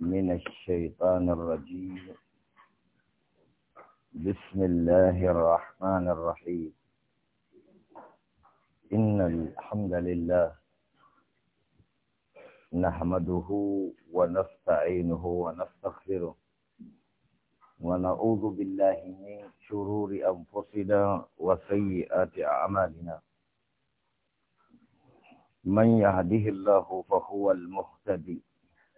من الشيطان الرجيم بسم الله الرحمن الرحيم إن الحمد لله نحمده ونستعينه ونستغفره ونعوذ بالله من شرور أنفسنا وسيئات أعمالنا من يهده الله فهو المهتدي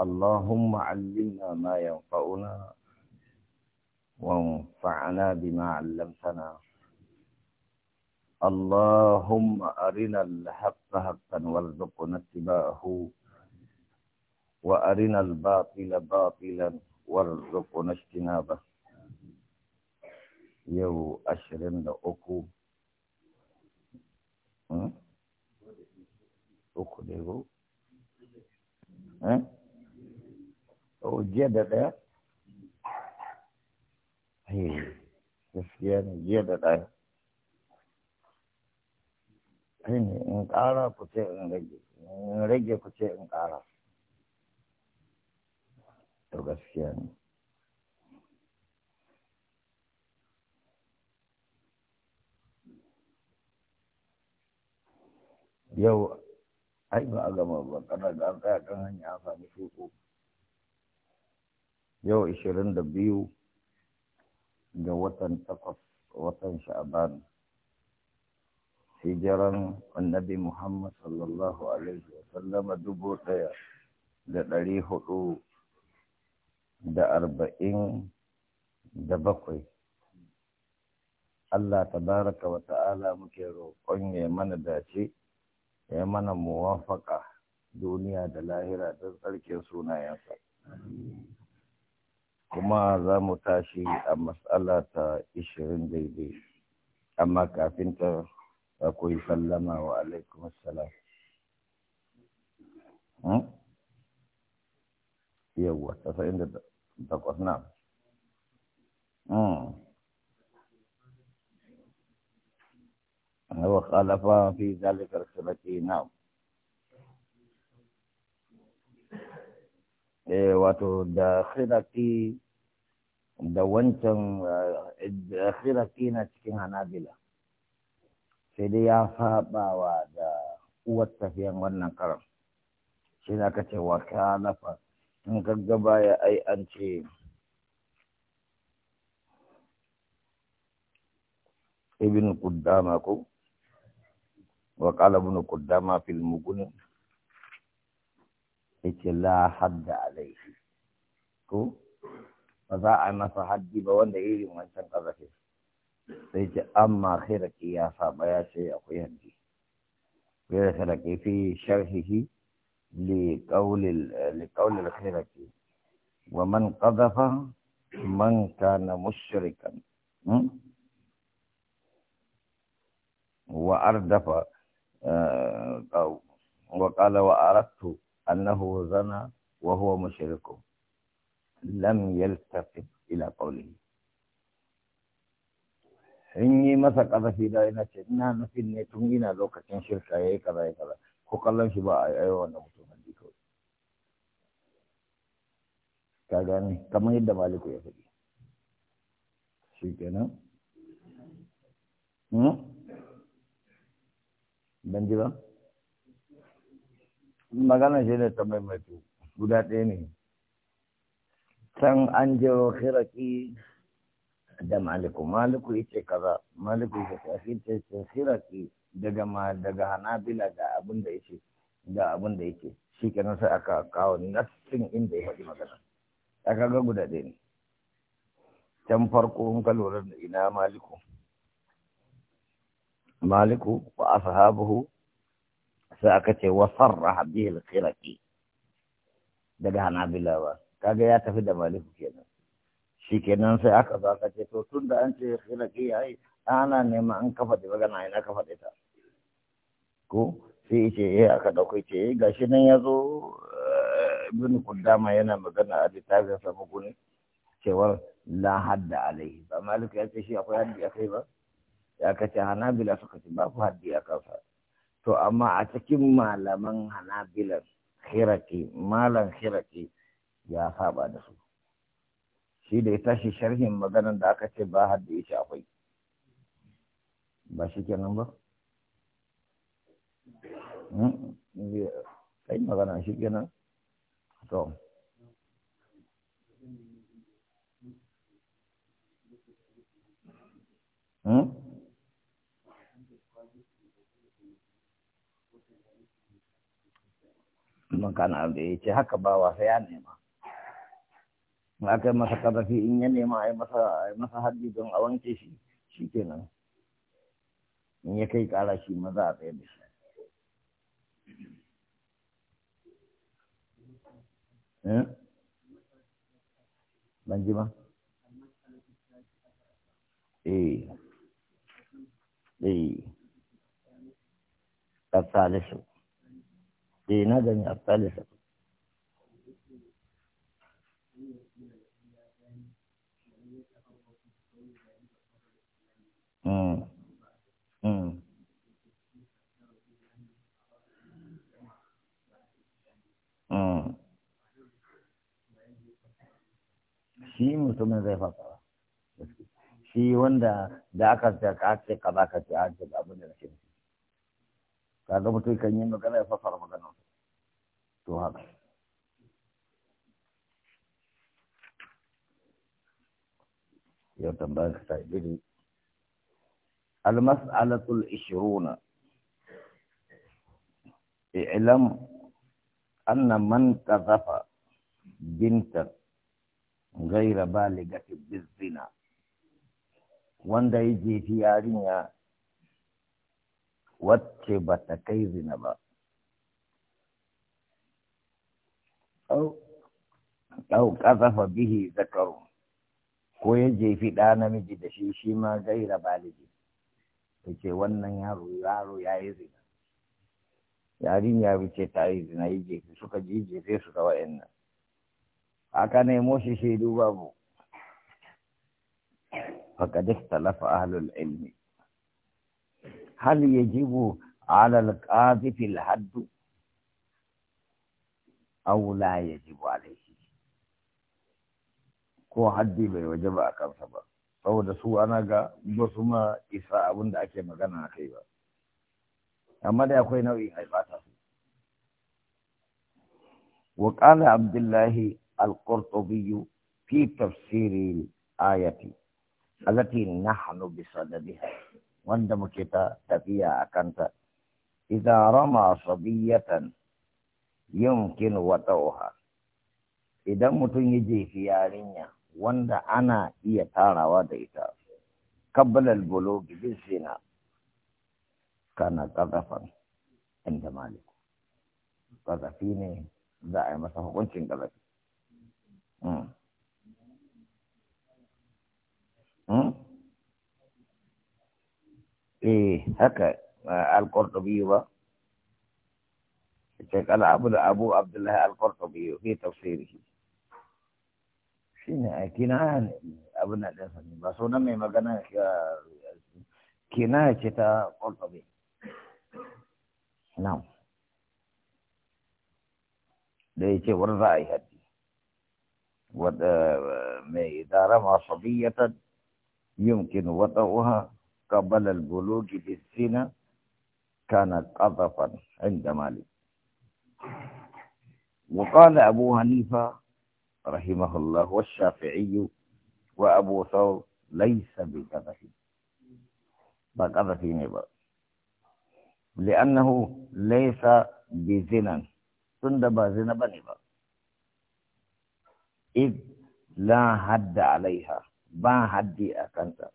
اللهم علمنا ما ينفعنا وانفعنا بما علمتنا اللهم أرنا الحق حقا وارزقنا اتباعه وأرنا الباطل باطلا وارزقنا اجتنابه يو أشرين لأكو أكو ديغو ها jiya da ɗaya? gaskiya ne jiya da ɗaya shi ne in ƙara ku ce in rage in rage ku ce in ƙara to gaskiya ne yau ai ba a gama ba kana da an tsaya kan hanya an sami shuko yau ishirin da biyu ga watan takwas watan sha'aban hijiran annabi muhammad sallallahu alaihi sallama dubu ɗaya da ɗari hudu da arba'in da bakwai Allah tabaraka wa ta'ala muke roƙon ya mana dace ya mana muwafaka duniya da lahira don tsarkin sunayensa. kuma za mu tashi a mas'ala ta 20 daidai amma kafin ta akwai sallama wa alaikum salam yawwa tasa'in da takwas أنا وخالف في ذلك السبكي نعم إيه da khiraki da wancan eh, khirafi na cikin hanabila sai dai ya faɓawa da uwar tafiyan wannan karan shi na ka ce wa kalafa in gaggaba ya ai an ce ibn kuddama ko wa qala ibn kuddama fil ya ce la hadda alaihi ko ba za a masa haddi ba wanda irin wancan ƙarfafe sai ce amma khiraki ya saba ya ce akwai haddi غير خلقي في شرحه لقول لقول الخلقي ومن قذف من كان مشركا وأردف وقال وأردت أنه زنى وهو مشرك lam yaltafit ila qawlihi in yi masa ƙasa ƙazafi da ina ce ina nufin ne tun ina lokacin shirka ya yi kaza ya kaza ko kallon shi ba a yi wannan mutumin ji kawai ka gani kamar yadda maliku ya faɗi shi kenan ban ji ba magana shi ne ta maimaitu guda ɗaya ne can an jiro khiraki da maliku maliku yace kaza maliku ya ce ta ce khiraki daga ma daga hanabila ga abin da yace ga abin da yake shikenan sai aka kawo nassin inda ya faɗi magana aka ga guda ɗaya ne can farko in ka lura da ina maliku maliku wa ashabuhu sai aka ce wa sarraha bihi al-khiraqi daga hanabila ba kaga ya tafi da maliku kenan shi kenan sai aka zo aka ce to tun da an ce khilaki yayi ana nema an kafa da magana ina kafa da ta ko sai ce eh aka dauko ce eh gashi nan yazo eh, ibn kudama yana magana a littafin sa muku ne cewar la hadda alaihi ba maliku ya ce shi akwai haddi akai ba ya kace hanabila suka ce ba ku haddi akan sa to amma a cikin malaman hanabilan khiraki malan khiraki ya saba da su shi da ya tashi sharhin maganar da aka ce ba har da ya ce akwai ba shi ke nan ba hmm? kai magana shi kenan to Hmm? kana da ya ce haka ba wasa ya nema in aka masa karfi in ya nema a yi masa haddi don a wanke shi shi kenan in ya kai kara shi maza a tsaye da shi eh? ban ji ba eh eh ƙasalisu eh na gani ƙasalisu Mm. shi mutumin zai ba shi wanda da aka ce ka ce ka za ka ce an ce ga abin da nake nufi kaga mutum kan yi magana ya fasar magana to haka yau tambayar ka ta iri المسألة ishiruna i'lam anna man qazafa binta gaira baligati bizina wanda ya jefi yarinya wacce ba ta kai zina ba au qazafa bihi zakaru ko ya jefi ɗa namiji da shi shi ma gaira baligi ta wannan yaro yaro ya yi zina yarinya wuce ta yi zina yi jefe suka ji jefe su da wa'annan aka nemo shi shaidu babu talafa اختلف ilmi العلم هل يجب على القاذف الحد أو لا يجب عليه ko haddi bai waje ba a kansa ba saboda su ana ga ba su ma isa abin da ake magana a kai ba amma da akwai nau'in haifa وقال عبد الله القرطبي في تفسير الآية التي نحن بصددها وندم كتا تفيا أكنت إذا رمى صبية يمكن وتوها إذا متنجي في يارينيا وند أنا إيتانا وديتا قبل البلوغ بالزنا كان قذفا عند مالك قذفيني za a yi masa hukuncin ƙazafi. Hmm. Hmm. Eh, haka eh, al-Qurtubi ba. Shek kala abu da Abu Abdullahi al-Qurtubi fi tafsiri. Shi ne a kina abu na ɗansa ne, ba sunan mai magana eh, kina ce ta Qurtubi. Na'am. da ya ce wurin za a yi haddi eh, mai dara masu قبل البلوغ في بالسنة كانت قذفا عند مالك وقال أبو حنيفة رحمه الله والشافعي وأبو ثور ليس بقذف بقذف نبا لأنه ليس بزنا Tunda da ba zina ba ne ba id la hadda alaiha ba haddi a kanta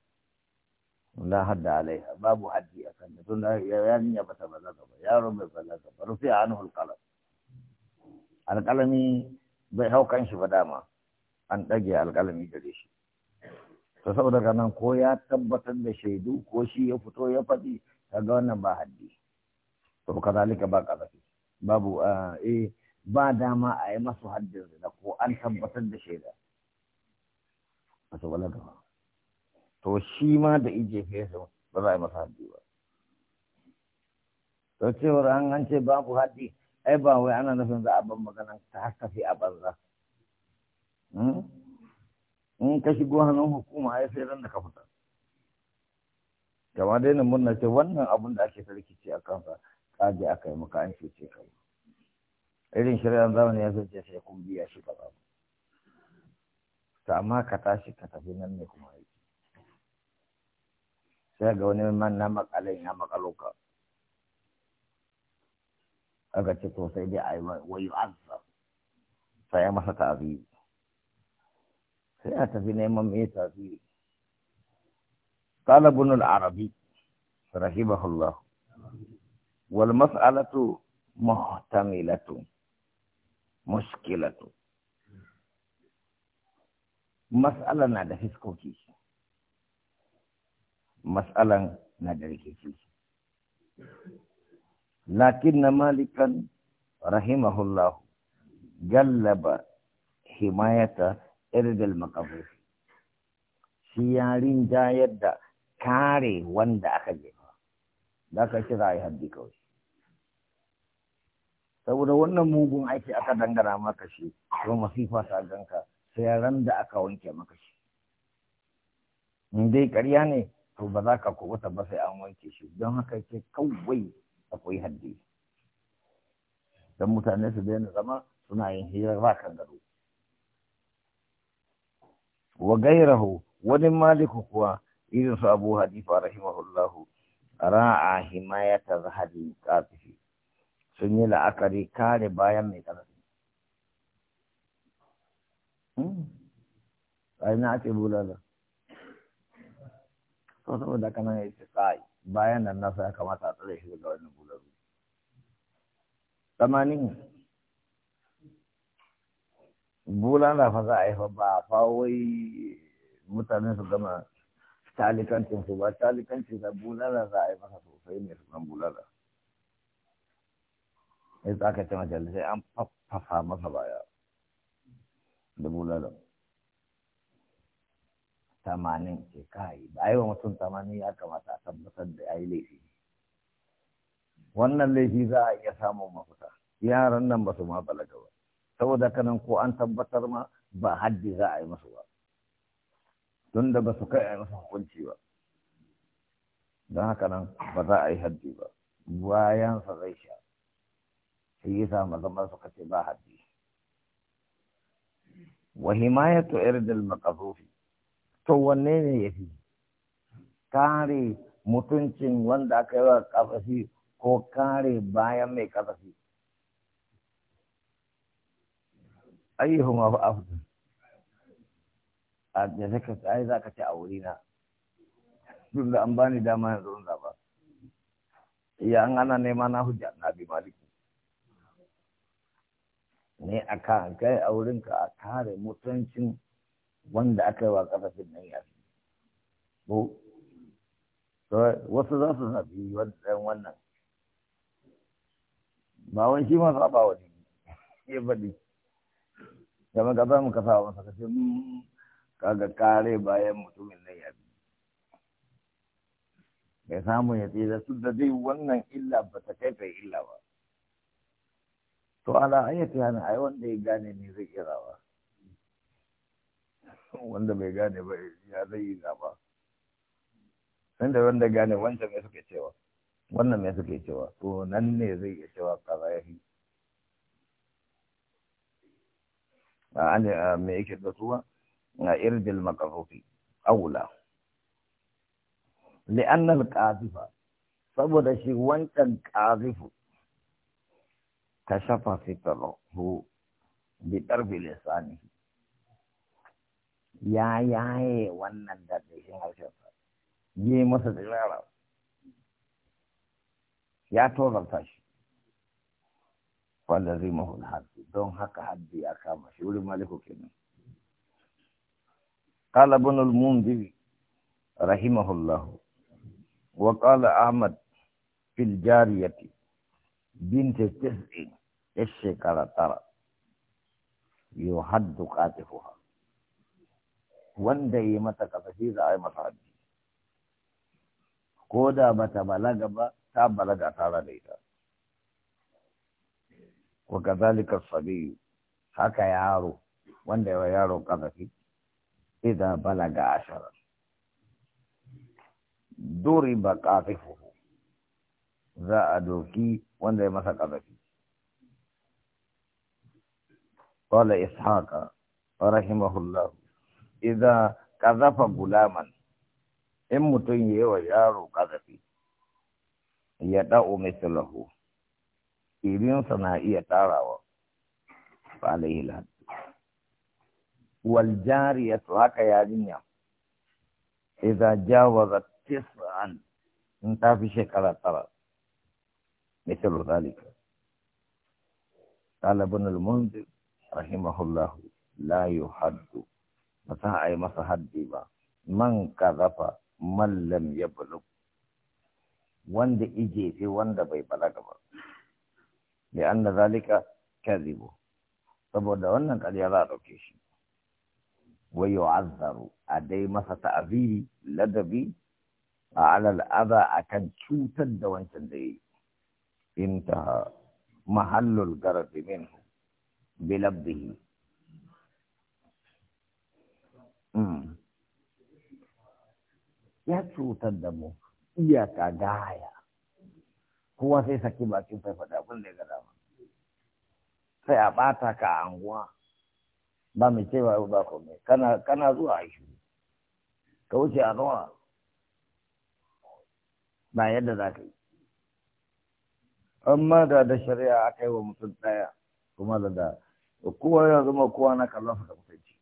la hadda alaiha babu haddi a kanta tun da bata ba zaka ba yaro bai balaga ba rufi a anhu kalam. Alkalami bai hau kan shi ba dama an ɗage alkalami gare shi ta saboda nan ko ya tabbatar da shaidu ko shi ya fito ya faɗi kaga wannan ba haddi to kazalika ba kazafi babu eh ba dama a yi masu haddin zina ko an tabbatar da shaida a su balaga gaba to shi ma da ije fesa ba za a yi masa haddi ba to cewar an an ce babu haddi ai ba wai ana nufin za a ban maganan ta haka fi a banza hmm? in ka shigo hannun hukuma ai sai ran da ka fita gama dai na murna ce wannan abun da ake sarki ce a kansa aje aka yi maka an cece ka irin shirin zamani ya zance sai kun biya shi kaza to amma ka tashi ka tafi nan ne kuma yi. sai ga wani man na makalin ya makalo ka aka ce to sai dai a yi wayo azza sai masa ta'azi sai a tafi neman mai ta'azi قال ابن العربي رحمه الله والمسألة محتملة مشكلة مسألة نادى فسكوكي مسألة نادى ركيكي لكن مالكا رحمه الله جلب حماية إرد المقبول سيارين جايد كاري وند أخجي ذاك رأي هدي كوي saboda wannan mugun aiki aka dangana maka shi kuma masifa ta ganka sai ran da aka wanke maka shi in dai ƙarya ne to ba za ka kubuta ba sai an wanke shi don haka ke kawai akwai haddi don mutane su daina zama suna yin hira ba kan gado wa gairahu wani maliku kuwa irin su abu hadifa rahimahullahu ra'a himayata zahadin qatifi sun yi la'akari kare bayan mai ƙarfi hmm. ai na ake bulala to saboda haka nan yace kai bayan nan nasa ya kamata a tsare shi daga wannan bularu tamanin bulala fa za a yi fa ba fa wai mutane su gama talikancin su ba talikancin da bulala za a yi masa sosai ne su kan bulala in za ka ci an faffafa masa baya da bulala tamanin ke kai ba yi wa mutum tamanin ya kamata a tabbatar da ya yi laifi wannan laifi za a iya samun mafita yaran nan ba su ma balaga ba saboda kanan ko an tabbatar ma ba haddi za a yi musu ba tun da ba su kai a yi musu hukunci ba don haka nan ba za a yi haddi ba bayansa zai sha shi yasa mazaman suka ce ba haddi wa himayatu irdil maqzufi to wanne ne yafi kare mutuncin wanda aka yi wa kafafi ko kare bayan mai kafafi ayyuhuma fa afdal a da zaka ai zaka ci a wuri na tunda an bani dama yanzu in zaba ya an ana nema na hujja na bi malik ne a ka kai a wurinka a kare mutuncin wanda aka yi wa ƙasashen nan ya fi ko wasu za su zafi wannan ba wani shi ma ba wani ya faɗi Ya ka za mu kasa masa kashe hmm, kaga kare bayan mutumin nan ya fi. bai samu ya tsira su da zai wannan illa ba ta kai illa ba to ala ayyati yana ai wanda ya gane ne zai iya rawa wanda bai gane ba ya zai yi gaba inda wanda gane wancan me suke cewa wannan me suke cewa to nan ne zai iya cewa kaza ya fi a ne me yake da suwa na irjil makafofi aula li'annal qazifa saboda shi wancan qazifu كشف فطره بطرف لسانه يا يا إيه، ونن دبيش هالشفا يي مسد غلا يا تولر تاش فلزمه الحد دون حق حد يا كما شوري مالكو كن قال ابن المنذر رحمه الله وقال احمد في الجاريه بنت التسع الشكرة ترى يهد قاتفها واندي متك فسيزة اي مصعد كودا بتبلغ تبلغ تارا ليتا وكذلك الصبي حكى يارو واندي يارو قذفي إذا بلغ عشرة دوري بقاتفه za a doki wanda ya masa ƙazafi qala ishaqa rahimahullah idza qazafa gulaman in mutun yewa yaro kadafi ya da'u mislahu irin sana iya tarawa fa alayhi wal jariyatu haka yarinya idza jawazat tis'an in ta fi shekara tara Misir olalika. Daliban lumonde, rahima har yahu, layu hadu. Ba za a yi masa hadu ba. Man karafa mallam ya balo. Wanda ije fi wanda bai balaga ba. Me anda zalika ka zibo. Saboda wannan ƙarya za a ɗauke shi. Wayo azabu. A dai masa ta'aziri ladabi. A halar arda akan cutar da wancan dai. انتهى محل الغرض منه بلبه ya cutar da mu iyaka gaya kowa sai saki baki faifata abin da ya gada ma sai a bata ka a anguwa ba mai cewa yau ba komai kana zuwa a shi ka wuce a nawa ba yadda za ka amma da da shari'a aka yi wa mutum ɗaya kuma da da kowa ya zama kowa na kallon sa da mutunci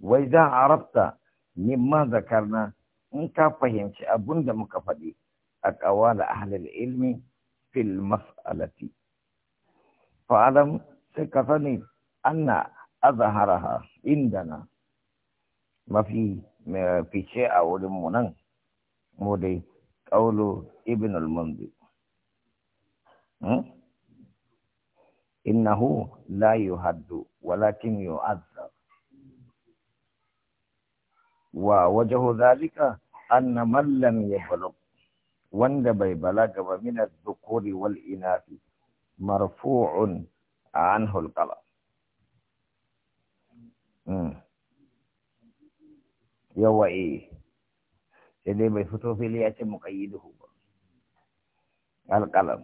wai za a rabta zakar zakarna in ka fahimci abun da muka faɗi a ƙawa da ahalar ilmi fil mas'alati fa'alam sai ka sani anna inda indana mafi fice a wurin mu nan mu dai قول ابن المنذر إنه لا يهد ولكن يعذب ووجه ذلك أن من لم يبلغ واندب بلغ من الذكور والإناث مرفوع عنه القلم يوئي sai dai bai fito fili ya ce mu duhu ba alqalam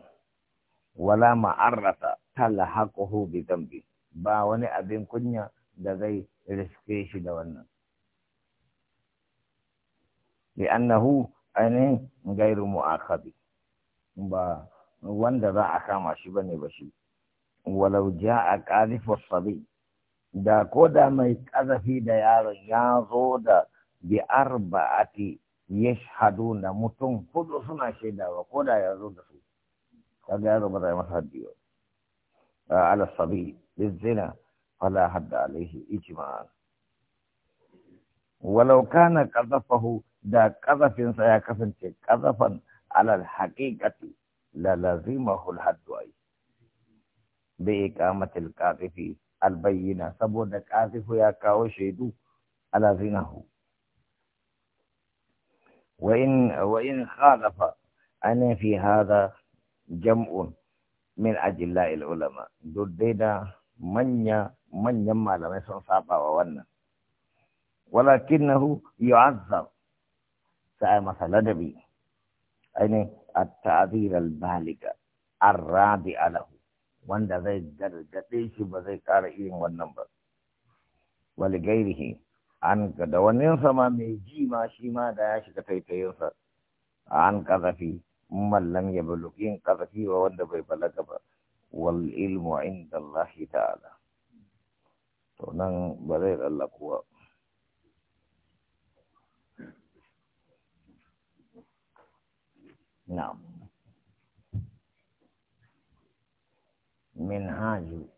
wala ma'arrata talhaquhu bi dhanbi ba wani abin kunya da zai riske shi da wannan annahu ainihin gairu mu'akabi ba wanda za a kama shi bane ba shi walau a qadhifu sabi da ko da mai ƙazafi da yaron ya zo da bi arba'ati yashhaduna mutum hudu suna shaidawa ko da ya zo da su kaga yaro ba zai masa haddi ba ala sabi bizina fala hadda alaihi ijma'an walau kana qadafahu da qazafin sa ya kasance qazafan ala alhaqiqati la lazimahu alhaddu ay bi iqamati alqazifi albayyina saboda qazifu ya kawo shaidu ala zinahu وإن وإن خالف أنا في هذا جمع من أجلاء العلماء ددينا من من يما لم يسن صعبا وونا ولكنه يعذر سأل مثلا دبي أين التعذير البالغ الرادع له وان ذي درجة إيش بذي كار إيم والنمبر ولغيره an da wannan sama mai ji ma shi ma da ya shiga taitayinsa an kazafi Mallam ya bulukin kazafi wa wanda bai balaga ba wal ilmu inda Allah ta'ala to nan ba zai lallakuwa na'am min haju